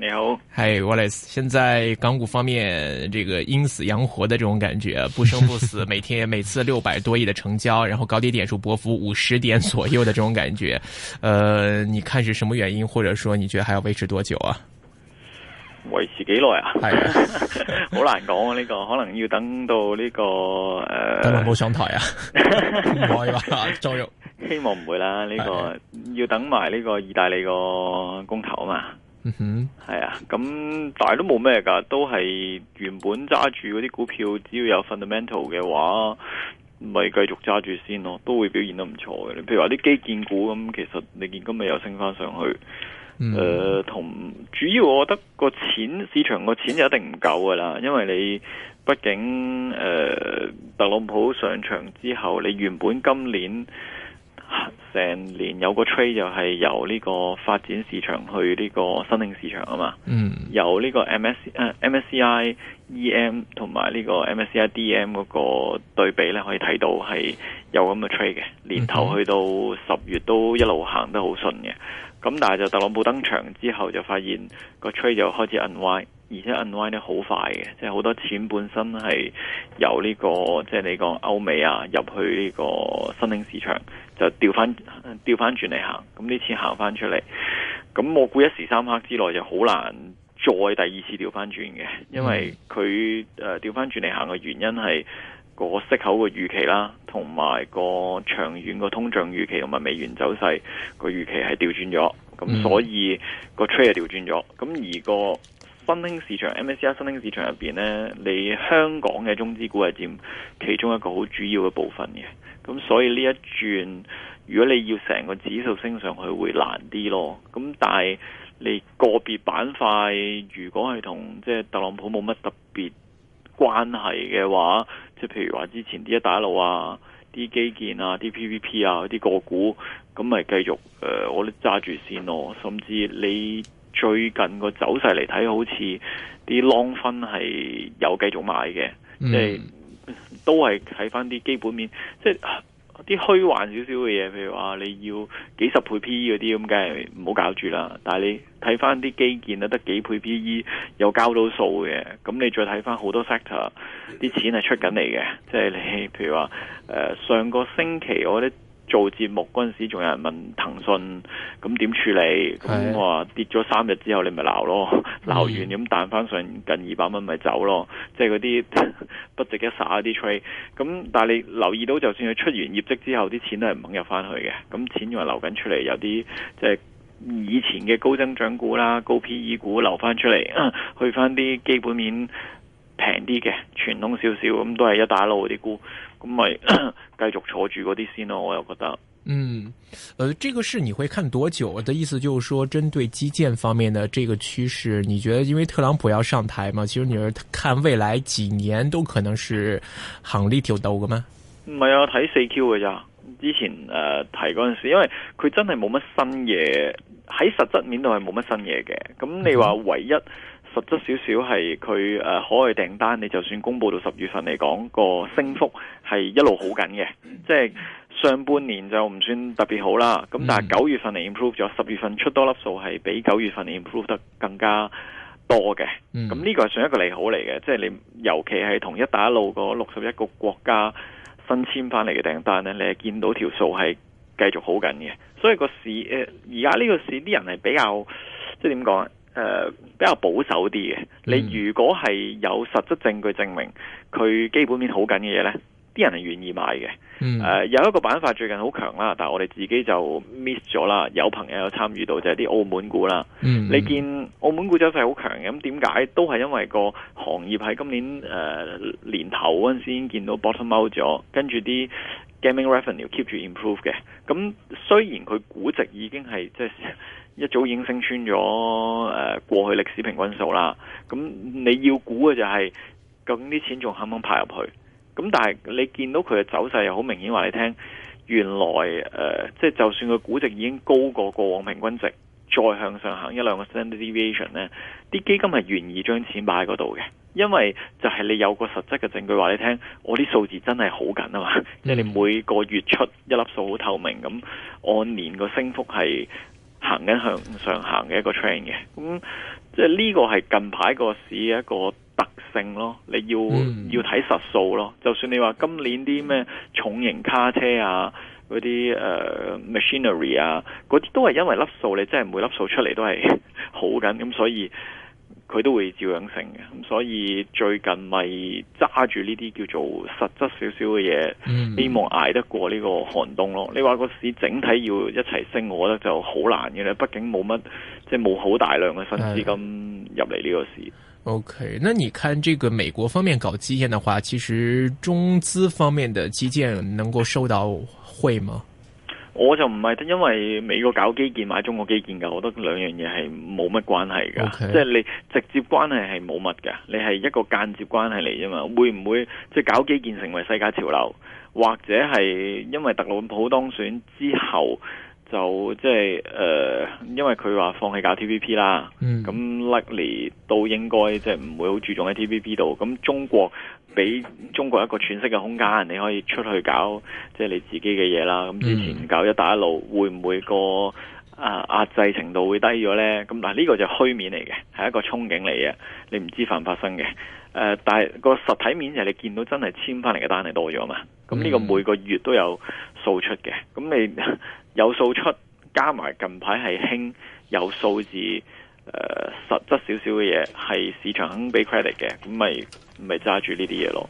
你好，Hi、hey, Wallace，現在港股方面，這個陰死陽活的這種感覺，不生不死，每天每次六百多億的成交，然後高低點，點數波幅五十點左右的這種感覺，呃，你看是什麼原因，或者說你覺得還要維持多久啊？維持幾耐啊？係，好難講啊，呢、這個可能要等到呢、這個，誒、呃，等到冇上台啊，唔會吧？再，希望唔會啦，呢、這個 要等埋呢個意大利個公投啊嘛。嗯哼，係啊，咁但係都冇咩噶，都係原本揸住嗰啲股票，只要有 fundamental 嘅話，咪繼續揸住先咯，都會表現得唔錯嘅。你譬如話啲基建股咁，其實你見今日又升翻上去，誒、mm -hmm. 呃，同主要我覺得個錢市場個錢就一定唔夠噶啦，因為你畢竟誒、呃、特朗普上場之後，你原本今年。成年有個 trade 就係由呢個發展市場去呢個新興市場啊嘛，嗯、由呢個 MSC、呃、MSCI EM 同埋呢個 MSCI DM 嗰個對比咧，可以睇到係有咁嘅 trade 嘅，年頭去到十月都一路行得好順嘅，咁但係就特朗普登場之後就發現個 trade 就開始 unwind。而且 unwind 得好快嘅，即係好多錢本身係由呢個即係你講歐美啊入去呢個新興市場，就調翻調翻轉嚟行，咁呢次行翻出嚟，咁我估一時三刻之內就好難再第二次調翻轉嘅，因為佢誒調翻轉嚟行嘅原因係個息口嘅預期啦，同埋個長遠個通脹預期同埋美元走勢個預期係調轉咗，咁所以個 trade 係調轉咗，咁而個。新興市場 MSCI 新興市場入邊呢，你香港嘅中資股係佔其中一個好主要嘅部分嘅，咁所以呢一轉，如果你要成個指數升上去會難啲咯。咁但係你個別板塊，如果係同即係特朗普冇乜特別關係嘅話，即係譬如話之前啲一帶一路啊、啲基建啊、啲 PPP 啊啲、個股，咁咪繼續誒、呃，我哋揸住先咯。甚至你。最近個走勢嚟睇，好似啲 long fund 係有繼續買嘅，即、mm. 係、就是、都係睇翻啲基本面，即係啲虛幻少少嘅嘢，譬如話你要幾十倍 P/E 嗰啲，咁梗係唔好搞住啦。但係你睇翻啲基建啊，得幾倍 P/E 又交到數嘅，咁你再睇翻好多 sector，啲錢係出緊嚟嘅，即、就、係、是、你譬如話、呃、上個星期我覺得。做節目嗰陣時，仲有人問騰訊咁點處理？咁話跌咗三日之後你囉，你咪鬧咯，鬧完咁彈翻上近二百蚊，咪走咯。即係嗰啲不值一哂啲吹。咁但係你留意到，就算佢出完業績之後，啲錢都係唔肯入翻去嘅。咁錢仲係流緊出嚟，有啲即係以前嘅高增長股啦、高 PE 股流翻出嚟，去翻啲基本面平啲嘅傳統少少，咁都係一大路啲股，咁咪。 繼續坐住嗰啲先咯，我又覺得，嗯，誒、呃，這個事你會看多久？我的意思就是說，針對基建方面的這個趨勢，你覺得因為特朗普要上台嘛？其實你是看未來幾年都可能是行呢條道嘅嗎？唔係啊，睇四 Q 嘅咋？之前誒、呃、提嗰陣時，因為佢真係冇乜新嘢喺實質面度係冇乜新嘢嘅。咁你話唯一、嗯。得少少係佢誒海外訂單，你就算公布到十月份嚟講，個升幅係一路好緊嘅。即係上半年就唔算特別好啦，咁但係九月份嚟 improve 咗，十、mm. 月份出多粒數係比九月份嚟 improve 得更加多嘅。咁、mm. 呢、嗯這個係算一個利好嚟嘅，即係你尤其係同一帶一路個六十一個國家新簽翻嚟嘅訂單咧，你係見到條數係繼續好緊嘅。所以個市誒而家呢個市啲人係比較即係點講啊？誒、呃，比較保守啲嘅。你如果係有實質證據證明佢基本面好緊嘅嘢呢，啲人係願意買嘅，呃。有一個板塊最近好強啦，但係我哋自己就 miss 咗啦。有朋友有參與到就係、是、啲澳門股啦。嗯嗯你見澳門股走勢好強嘅，咁點解？都係因為個行業喺今年誒、呃、年頭嗰陣時見到 bottom out 咗，跟住啲 gaming revenue keep 住 improve 嘅。咁雖然佢估值已經係即係。就是一早已經升穿咗誒、呃、過去歷史平均數啦，咁、嗯、你要估嘅就係、是、究竟啲錢仲肯唔肯派入去？咁、嗯、但係你見到佢嘅走勢又好明顯，話你聽，原來誒即係就算佢估值已經高過過往平均值，再向上行一兩個 standard deviation 咧，啲基金係願意將錢擺喺嗰度嘅，因為就係你有個實質嘅證據話你聽，我啲數字真係好緊啊嘛，即係你每個月出一粒數好透明咁，按年個升幅係行緊向上行嘅一個 trend 嘅，咁即係呢個係近排個市嘅一個特性咯。你要要睇實數咯。就算你話今年啲咩重型卡車啊，嗰啲誒 machinery 啊，嗰啲都係因為粒數，你真係每粒數出嚟都係好緊，咁所以。佢都會照樣升嘅，咁所以最近咪揸住呢啲叫做實質少少嘅嘢，希望捱得過呢個寒冬咯。你話個市整體要一齊升，我覺得就好難嘅咧，畢竟冇乜即係冇好大量嘅新資金入嚟呢個市。OK，那你看這個美國方面搞基建的話，其實中資方面的基建能夠收到惠嗎？我就唔係，因為美國搞基建買中國基建㗎，我覺得兩樣嘢係冇乜關係㗎，Okay. 即係你直接關係係冇乜嘅，你係一個間接關係嚟啫嘛。會唔會即係搞基建成為世界潮流，或者係因為特朗普當選之後。就即係誒、呃，因為佢話放棄搞 TVP 啦，咁、嗯、luckily 都應該即係唔會好注重喺 TVP 度。咁中國俾中國一個喘息嘅空間，你可以出去搞即係你自己嘅嘢啦。咁之前搞一帶一路，嗯、會唔會、那個啊壓制程度會低咗呢？咁嗱呢個就虛面嚟嘅，係一個憧憬嚟嘅，你唔知發唔發生嘅、呃。但係個實體面就係你見到真係簽翻嚟嘅單係多咗嘛。咁呢個每個月都有掃出嘅，咁你。嗯 有數出加埋近排係興有數字誒、呃、實質少少嘅嘢，係市場肯俾 credit 嘅，咁咪咪揸住呢啲嘢咯。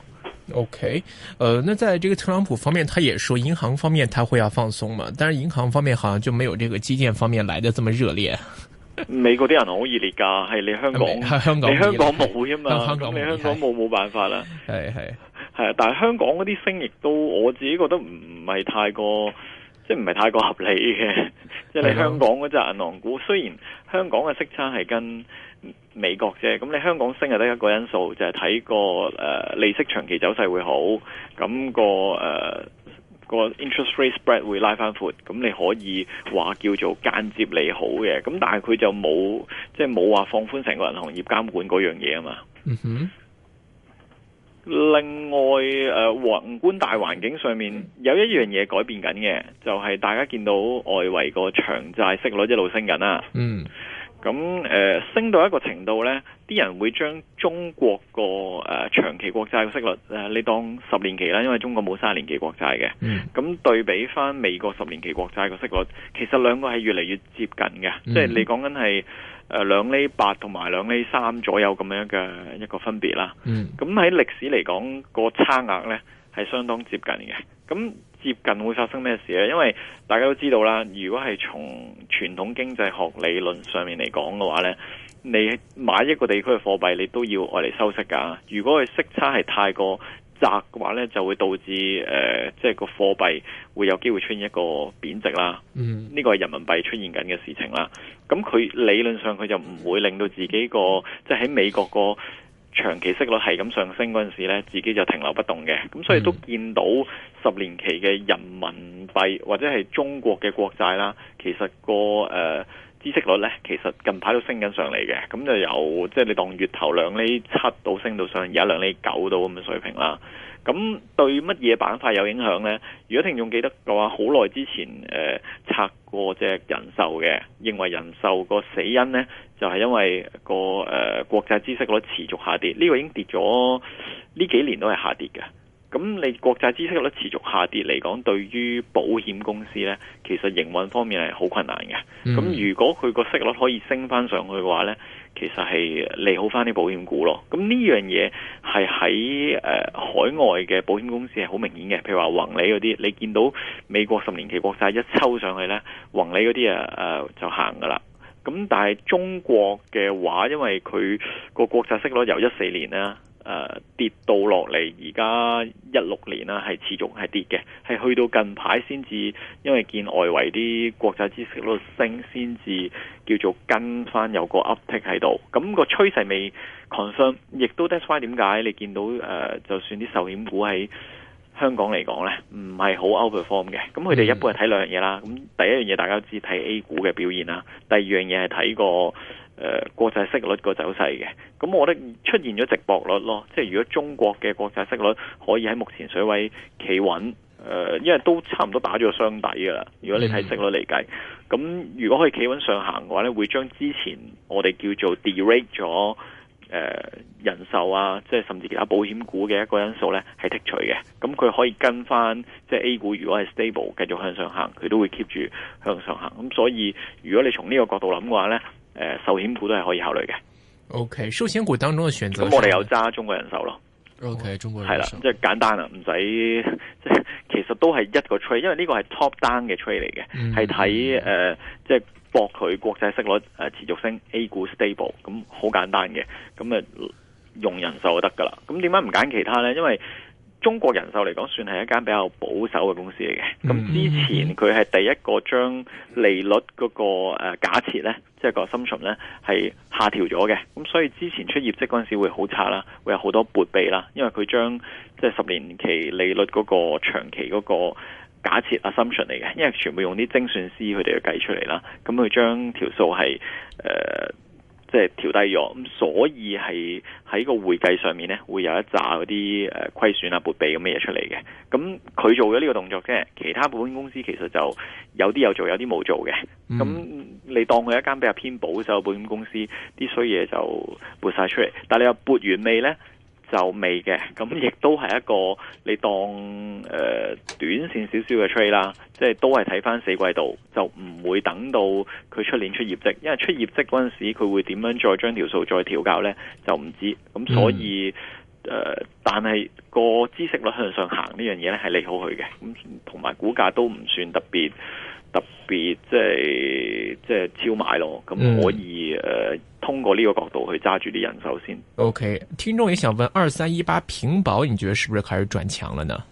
OK，呃，那在這個特朗普方面，他也說銀行方面他會要放鬆嘛，但是銀行方面好像就沒有這個基建方面來得這麼熱烈。美國啲人好熱烈㗎，係你香港，香港冇㗎嘛，你香港冇冇 辦法啦。係係係啊，但係香港嗰啲聲亦都我自己覺得唔係太過即係唔係太過合理嘅，即係你香港嗰隻銀行股。雖然香港嘅息差係跟美國啫，咁你香港升日得一個因素，就係、是、睇個誒、呃、利息長期走勢會好，咁、那個誒、呃、interest rate spread 會拉翻闊，咁你可以話叫做間接利好嘅。咁但係佢就冇，即係冇話放寬成個銀行業監管嗰樣嘢啊嘛。嗯哼。另外，誒宏觀大環境上面有一樣嘢改變緊嘅，就係、是、大家見到外圍個長債息率一路升緊啦。嗯，咁誒、呃、升到一個程度呢，啲人會將中國個、呃、長期國債嘅息率誒，你當十年期啦，因為中國冇三十年期國債嘅。咁、嗯、對比翻美國十年期國債嘅息率，其實兩個係越嚟越接近嘅、嗯，即係你講緊係。誒、呃，兩厘八同埋兩厘三左右咁樣嘅一個分別啦。嗯，咁喺歷史嚟講，個差額呢係相當接近嘅。咁接近會發生咩事呢？因為大家都知道啦，如果係從傳統經濟學理論上面嚟講嘅話呢，你買一個地區嘅貨幣，你都要愛嚟收息噶。如果佢息差係太過。窄嘅話咧，就會導致誒，即、呃、係、就是、個貨幣會有機會出現一個貶值啦。嗯，呢、這個係人民幣出現緊嘅事情啦。咁佢理論上佢就唔會令到自己個，即係喺美國個長期息率係咁上升嗰陣時咧，自己就停留不動嘅。咁所以都見到十年期嘅人民幣或者係中國嘅國債啦，其實個誒。呃知識率呢，其實近排都升緊上嚟嘅，咁就由，即、就、係、是、你當月頭兩厘七度升到上而家兩厘九度咁嘅水平啦。咁對乜嘢板塊有影響呢？如果聽眾記得嘅話，好耐之前誒拆、呃、過隻人壽嘅，認為人壽個死因呢，就係、是、因為、那個誒、呃、國際知識率持續下跌，呢、這個已經跌咗呢幾年都係下跌嘅。咁你國債息率持續下跌，嚟講，對於保險公司呢，其實營運方面係好困難嘅。咁、嗯、如果佢個息率可以升翻上去嘅話呢，其實係利好翻啲保險股咯。咁呢樣嘢係喺誒海外嘅保險公司係好明顯嘅，譬如話宏利嗰啲，你見到美國十年期國債一抽上去呢，宏利嗰啲啊誒就行噶啦。咁但係中國嘅話，因為佢個國債息率由一四年啦。誒跌到落嚟，而家一六年啦，係持續係跌嘅，係去到近排先至，因為見外圍啲國際知識度升，先至叫做跟翻有個 uptick 喺度。咁個趨勢未 confirm，亦都 describe 點解你見到誒，就算啲壽險股喺香港嚟講呢，唔係好 overperform 嘅。咁佢哋一般係睇兩樣嘢啦。咁第一樣嘢大家都知睇 A 股嘅表現啦，第二樣嘢係睇個。誒、呃、國際息率個走勢嘅，咁我覺得出現咗直薄率咯，即係如果中國嘅國際息率可以喺目前水位企穩，誒、呃，因為都差唔多打咗個雙底噶啦。如果你睇息率嚟計，咁如果可以企穩上行嘅話咧，會將之前我哋叫做 derate 咗誒人壽啊，即係甚至其他保險股嘅一個因素咧係剔除嘅。咁佢可以跟翻即係 A 股，如果係 stable 繼續向上行，佢都會 keep 住向上行。咁所以如果你從呢個角度諗嘅話咧，誒、呃、壽險股都係可以考慮嘅。OK，壽險股當中嘅選擇，咁我哋又揸中國人壽咯。OK，中國人壽係啦，即係簡單啦，唔使即係其實都係一個 trade，因為呢個係 top down 嘅 trade 嚟嘅，係、嗯、睇、呃、即係博佢國際息率持續升 A 股 stable，咁好簡單嘅，咁誒用人壽就得噶啦。咁點解唔揀其他咧？因為中國人壽嚟講，算係一間比較保守嘅公司嚟嘅。咁之前佢係第一個將利率嗰個誒假設咧，即係個 assumption 咧，係下調咗嘅。咁所以之前出業績嗰陣時會好差啦，會有好多撥備啦，因為佢將即係十年期利率嗰個長期嗰個假設 assumption 嚟嘅，因為全部用啲精算師佢哋去計出嚟啦。咁佢將條數係誒。呃即係調低咗，咁所以係喺個會計上面咧，會有一紮嗰啲誒虧損啊撥備咁嘅嘢出嚟嘅。咁佢做咗呢個動作嘅，其他保險公司其實就有啲有做，有啲冇做嘅。咁、嗯、你當佢一間比較偏保守嘅保險公司，啲衰嘢就撥晒出嚟，但係你話撥完未咧？就未嘅，咁亦都係一個你當、呃、短線少少嘅 trade 啦，即係都係睇翻四季度，就唔會等到佢出年出業績，因為出業績嗰陣時佢會點樣再將條數再調校呢？就唔知。咁所以誒、嗯呃，但係個知識率向上行呢樣嘢呢係利好佢嘅，咁同埋股價都唔算特別。特別即係即係超買咯，咁可以誒、嗯呃、通過呢個角度去揸住啲人手先。O K，聽眾也想問二三一八平保，你覺得是不是開始轉強了呢？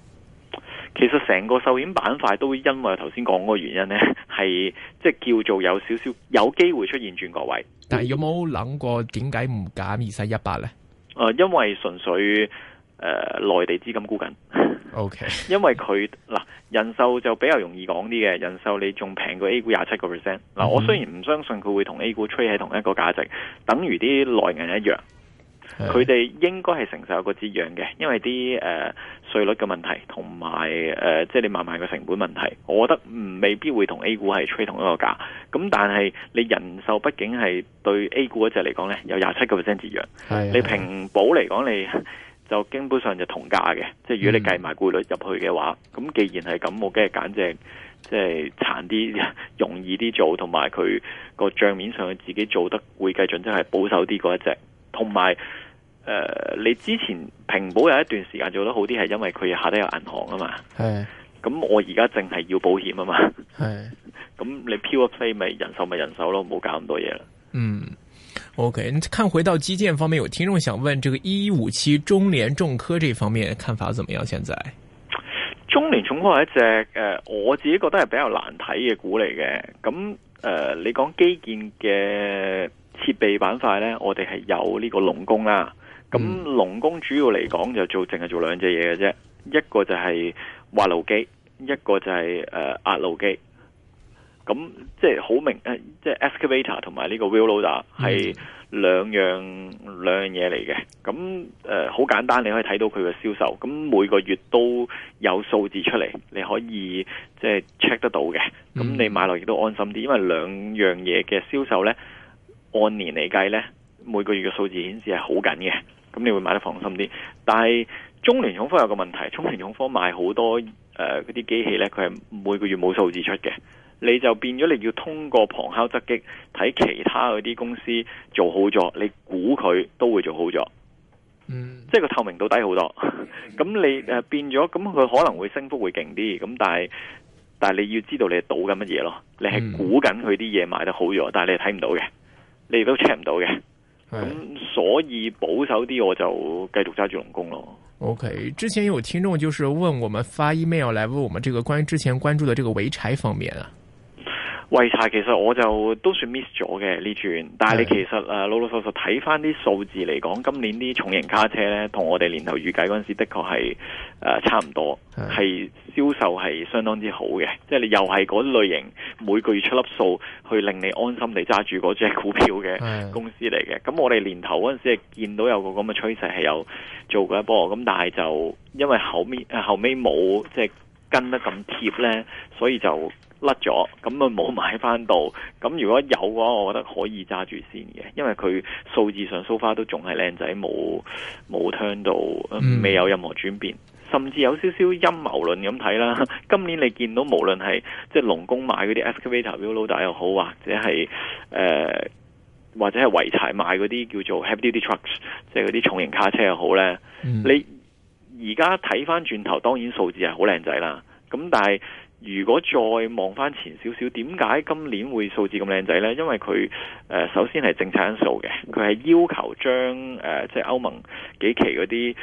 其實成個壽險板塊都因為頭先講個原因呢，係即係叫做有少少有機會出現轉角位。但係有冇諗過點解唔揀二三一八呢？誒、呃，因為純粹。誒、呃，內地資金沽緊，OK，因為佢嗱，人壽就比較容易講啲嘅，人壽你仲平過 A 股廿七個 percent，嗱，我雖然唔相信佢會同 A 股 trade 喺同一個價值，等於啲內銀一樣，佢、yeah. 哋應該係承受一個折讓嘅，因為啲誒稅率嘅問題，同埋誒即係你買賣嘅成本問題，我覺得未必會同 A 股係 trade 同一個價，咁但係你人壽畢竟係對 A 股嗰隻嚟講咧，有廿七個 percent 折讓，yeah. 你平保嚟講你。Yeah. 就基本上就同價嘅，即係如果你計埋股率入去嘅話，咁、嗯、既然係咁，我梗係揀隻即係殘啲、容易啲做，同埋佢個帳面上佢自己做得會計準則係保守啲嗰一隻。同埋誒，你之前平保有一段時間做得好啲，係因為佢下低有銀行啊嘛。係。咁我而家淨係要保險啊嘛。係。咁 你 pure play 咪人壽咪人壽咯，唔好搞咁多嘢啦。嗯。OK，看回到基建方面，有聽眾想問，這個一一五七中聯重科這方面看法怎麼樣？現在中聯重科係一隻誒，我自己覺得係比較難睇嘅股嚟嘅。咁誒、呃，你講基建嘅設備板塊咧，我哋係有呢個龍工啦、啊。咁龍工主要嚟講就做淨係做兩隻嘢嘅啫，一個就係挖路機，一個就係誒壓路機。咁即係好明，誒，即係 excavator 同埋呢個 wheel loader 係兩樣兩樣嘢嚟嘅。咁誒好簡單，你可以睇到佢嘅銷售。咁每個月都有數字出嚟，你可以即係 check 得到嘅。咁你買落亦都安心啲，因為兩樣嘢嘅銷售咧，按年嚟計咧，每個月嘅數字顯示係好緊嘅。咁你會買得放心啲。但係中聯重科有個問題，中聯重科賣好多誒嗰啲機器咧，佢係每個月冇數字出嘅。你就變咗，你要通過旁敲側擊睇其他嗰啲公司做好咗，你估佢都會做好咗。嗯，即係個透明度低好多。咁你誒變咗，咁佢可能會升幅會勁啲。咁但係但係你要知道你係賭緊乜嘢咯。你係估緊佢啲嘢賣得好咗，嗯，但係你係睇唔到嘅，你都 check 唔到嘅。咁，嗯、所以保守啲，我就繼續揸住龍工咯。OK，之前有聽眾就是問我們發 email 來問我們，這個關於之前關注的這個濰柴方面啊。濰柴其實我就都算 miss 咗嘅呢轉，但係你其實誒老老實實睇翻啲數字嚟講，今年啲重型卡車咧同我哋年頭預計嗰陣時，的確係、呃、差唔多，係銷售係相當之好嘅，即係你又係嗰類型每個月出粒數去令你安心地揸住嗰隻股票嘅公司嚟嘅。咁我哋年頭嗰陣時係見到有個咁嘅趨勢係有做過一波，咁但係就因為後面後尾冇即係跟得咁貼咧，所以就甩咗，咁咪冇買翻到。咁如果有嘅話，我覺得可以揸住先嘅，因為佢數字上 so far 都仲係靚仔，冇冇 turn 到，未有任何轉變，mm. 甚至有少少陰謀論咁睇啦。今年你見到無論係即係龍工買嗰啲 excavator、wheel loader 又好或者係誒、呃、或者係濰柴買嗰啲叫做 heavy duty trucks，即係嗰啲重型卡車又好咧。Mm. 你而家睇翻轉頭，當然數字係好靚仔啦。咁但係，如果再望翻前少少，點解今年會數字咁靚仔咧？因為佢、呃、首先係政策因素嘅，佢係要求將、呃、即係歐盟幾期嗰啲。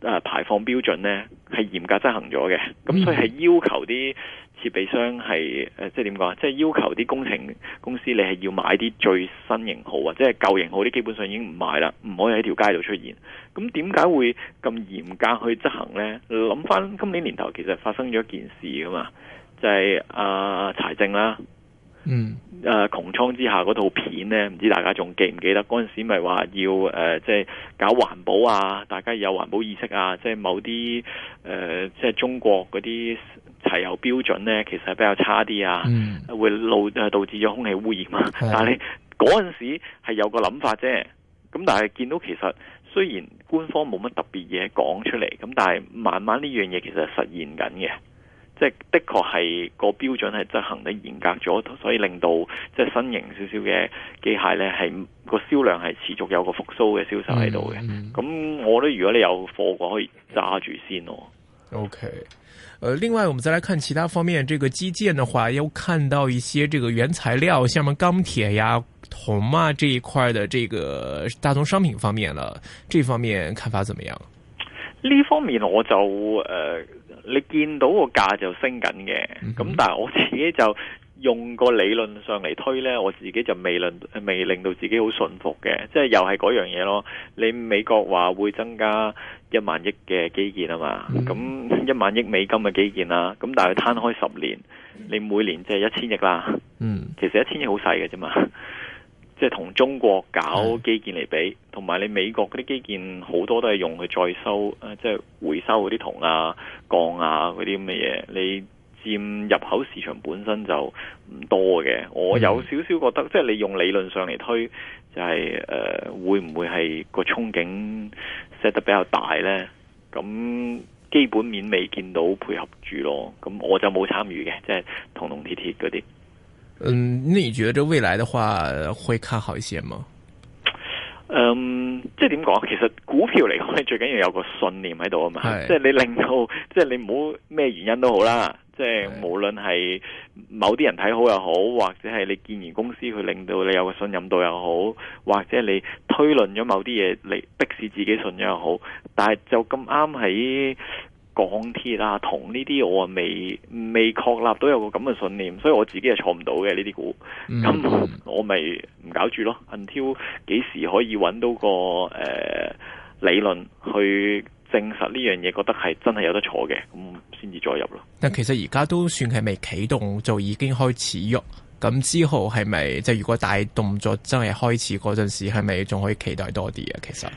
誒排放標準呢係嚴格執行咗嘅，咁所以係要求啲設備商係即係點講啊？即係、就是、要求啲工程公司，你係要買啲最新型號或者係舊型號啲，基本上已經唔賣啦，唔可以喺條街度出現。咁點解會咁嚴格去執行呢？諗返今年年頭其實發生咗一件事㗎嘛，就係啊柴靜啦。嗯，啊、窮倉之下嗰套片咧，唔知大家仲記唔記得？嗰陣時咪話要誒，即、呃、係、就是、搞環保啊，大家有環保意識啊，即、就、係、是、某啲誒，即、呃、係、就是、中國嗰啲柴油標準咧，其實係比較差啲啊，嗯、會導致咗空氣污染啊。但係你嗰陣時係有個諗法啫，咁但係見到其實雖然官方冇乜特別嘢講出嚟，咁但係慢慢呢樣嘢其實係實現緊嘅。即、就、係、是、的確係個標準係執行得嚴格咗，所以令到即係新型少少嘅機械咧，係個銷量係持續有個復蘇嘅銷售喺度嘅。咁、嗯、我覺得如果你有貨，我可以揸住先咯、哦。O、okay, K，、呃、另外我們再來看其他方面，這個基建的話，又看到一些這個原材料，像面鋼鐵呀、銅啊這一塊的這個大宗商品方面了。這方面看法怎麼樣？呢方面我就誒。呃你見到個價就升緊嘅，咁但係我自己就用個理論上嚟推呢，我自己就未令未令到自己好信服嘅，即係又係嗰樣嘢咯。你美國話會增加一萬億嘅基建啊嘛，咁一萬億美金嘅基建啦，咁但係攤開十年，你每年即係一千億啦。嗯，其實一千億好細嘅啫嘛。即係同中國搞基建嚟比，同埋你美國嗰啲基建好多都係用去再收，即係回收嗰啲銅啊、鋼啊嗰啲咁嘅嘢。你佔入口市場本身就唔多嘅，我有少少覺得，嗯、即係你用理論上嚟推，就係、是、誒、呃、會唔會係個憧憬 set 得比較大呢？咁基本面未見到配合住咯，咁我就冇參與嘅，即係銅銅鐵鐵嗰啲。嗯，你覺得未來的話會看好一些嗎？嗯，即係點講？其實股票嚟講，你最緊要有個信念喺度啊嘛。即係你令到，即係你唔好咩原因都好啦。即係無論係某啲人睇好又好，或者係你見完公司去令到你有個信任度又好，或者你推論咗某啲嘢嚟逼使自己信任又好。但係就咁啱喺。港鐵啦、啊，同呢啲我未未確立都有個咁嘅信念，所以我自己係坐唔到嘅呢啲股，咁、嗯嗯、我咪唔搞住咯。until 幾時可以揾到個誒、呃、理論去證實呢樣嘢，覺得係真係有得坐嘅，咁先至再入咯。但其實而家都算係未啟動，就已經開始喐。咁之後係咪即係如果大動作真係開始嗰陣時，係咪仲可以期待多啲啊？其實？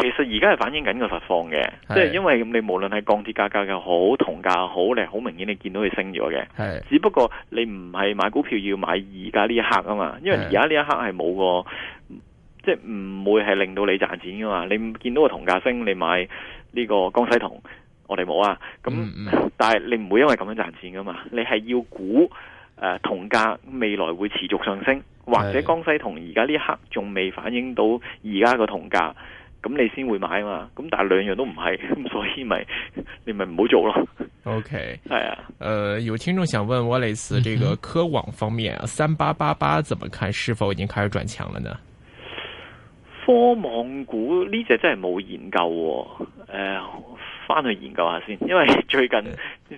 其實而家係反映緊個實況嘅，即係因為咁，你無論係鋼鐵價格又好，銅價好，你好明顯你見到佢升咗嘅。只不過你唔係買股票要買而家呢一刻啊嘛，因為而家呢一刻係冇個，是即係唔會係令到你賺錢噶嘛。你見到個銅價升，你買呢個江西銅，我哋冇啊。咁，但係你唔會因為咁樣賺錢噶嘛。你係要估誒、呃、銅價未來會持續上升，或者江西銅而家呢一刻仲未反映到而家個銅價。咁你先會買嘛？咁但係兩樣都唔係，咁所以咪你咪唔好做咯。OK，係啊。誒、呃，有聽眾想問 Wallace，這個科網方面，三八八八怎麼看？是否已經開始轉強了呢？科網股呢隻、這個、真係冇研究、哦，誒、呃，翻去研究下先。因為最近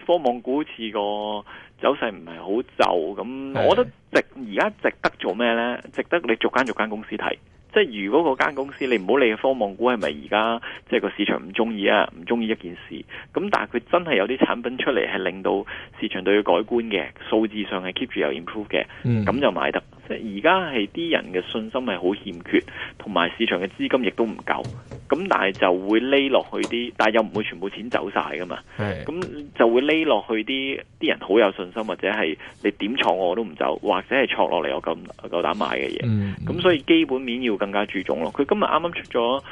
科網股似個走勢唔係好就，咁我覺得值而家值得做咩呢？值得你逐間逐間公司睇。即係如果嗰間公司你唔好理科網股係咪而家即係個市場唔中意啊，唔中意一件事，咁但係佢真係有啲產品出嚟係令到市場對佢改觀嘅，數字上係 keep 住有 improve 嘅，咁就買得。嗯、即而家係啲人嘅信心係好欠缺，同埋市場嘅資金亦都唔夠，咁但係就會匿落去啲，但又唔會全部錢走晒噶嘛。咁就會匿落去啲啲人好有信心，或者係你點錯我我都唔走，或者係錯落嚟我咁夠膽買嘅嘢。咁、嗯、所以基本面要更加注重咯，佢今日啱啱出咗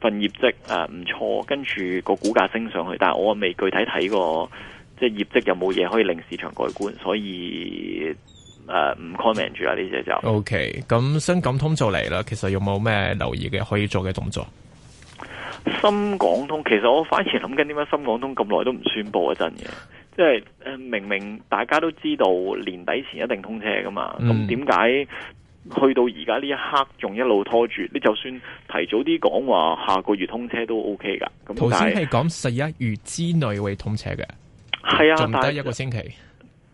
份業績，誒、啊、唔錯，跟住個股價升上去，但係我未具體睇過，即係業績有冇嘢可以令市場改觀，所以誒唔 comment 住啦，呢、啊、隻就。O K，咁深港通就嚟啦，其實有冇咩留意嘅可以做嘅動作？深港通其實我反而諗緊點解深港通咁耐都唔宣佈一陣嘅，即係誒明明大家都知道年底前一定通車噶嘛，咁點解？去到而家呢一刻仲一路拖住，你就算提早啲講話下個月通車都 OK 噶頭先係講十一月之內會通車嘅。係啊，仲得一個星期，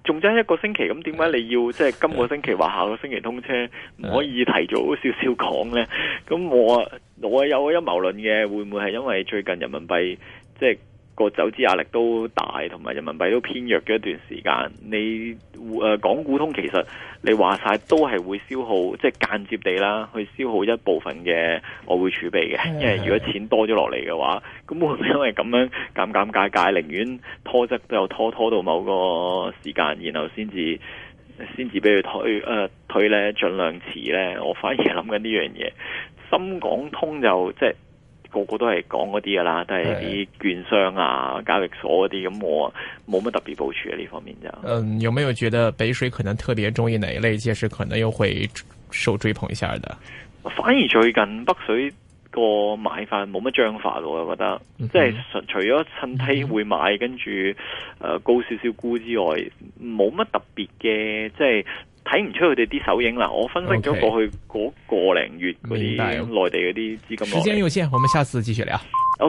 仲爭一個星期，咁點解你要即係、就是、今個星期話下個星期通車？唔可以提早少少講咧？咁、啊、我我有陰謀論嘅，會唔會係因為最近人民幣即係？就是個走資壓力都大，同埋人民幣都偏弱嘅一段時間，你誒港股通其實你話晒都係會消耗，即係間接地啦，去消耗一部分嘅外匯儲備嘅。因為如果錢多咗落嚟嘅話，咁會唔會因為咁樣減減解解，寧願拖質都有拖拖到某個時間，然後先至先至俾佢推誒推咧，儘量遲咧。我反而諗緊呢樣嘢，深港通就即係。就是個個都係講嗰啲噶啦，都係啲券商啊、交易所嗰啲，咁我冇乜特別部署喺、啊、呢方面就。嗯，有冇有覺得北水可能特別中意哪一類，屆時可能又會受追捧一下的？反而最近北水個買法冇乜章法咯，我覺得，嗯、即係除咗趁低會買，嗯、跟住誒高少少沽之外，冇乜特別嘅，即係。睇唔出佢哋啲手影啦，我分析咗過去個零月啲內地啲資金，okay. 那些金。時間有限，我們下次繼續聊。O K。